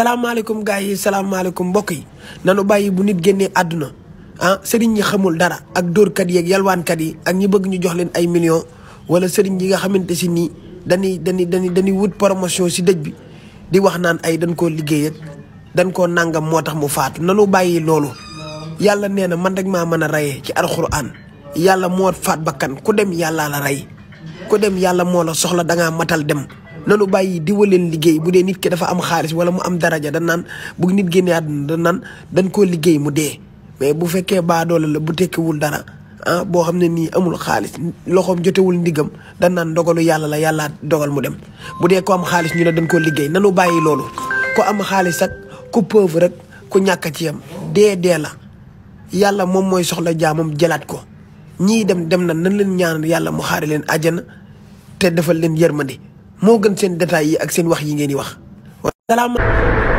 salaamaaleykum gars yi salaamaaleykum mbokk yi nanu bàyyi bu nit génnee àdduna ah sëriñ ñi xamul dara ak dóorkat yi ak yalwaankat yi ak ñi bëgg ñu jox leen ay millions wala sëriñ yi nga xamante si nii dañuy dañuy dañuy dañuy wut promotion si dëj bi di wax naan ay dañ koo liggéey ak dañ koo nangam moo tax mu faatu nanu bàyyi loolu yàlla nee na man rek maa mën a reyee ci alxuraan yàlla moo faat bakkan ku dem yàlla la rey ku dem yàlla moo la soxla dangaa matal dem nanu bàyyi di waleen liggéey bu dee nit ki dafa am xaalis wala mu am daraja dan naan bu nit génnee àdduna dan naan dañ koo liggéey mu dee mais bu fekkee baadoole la bu tekkiwul dara ah boo xam ne nii amul xaalis loxoom jotewul ndigam dan naan dogalu yàlla la yàllaa dogal mu dem mu dee ko am xaalis ñu ne dañ koo liggéey nanu bàyyi loolu ko am xaalis ak ku pauvre rek ku ñàkk ci yam dee dee la yàlla moom mooy soxla jaamam jëlaat ko ñii dem dem na nan leen ñaanal yàlla mu xaare leen àjjana te defal leen yërmande moo gën seen détails yi ak seen wax yi ngeen di wax. salaam.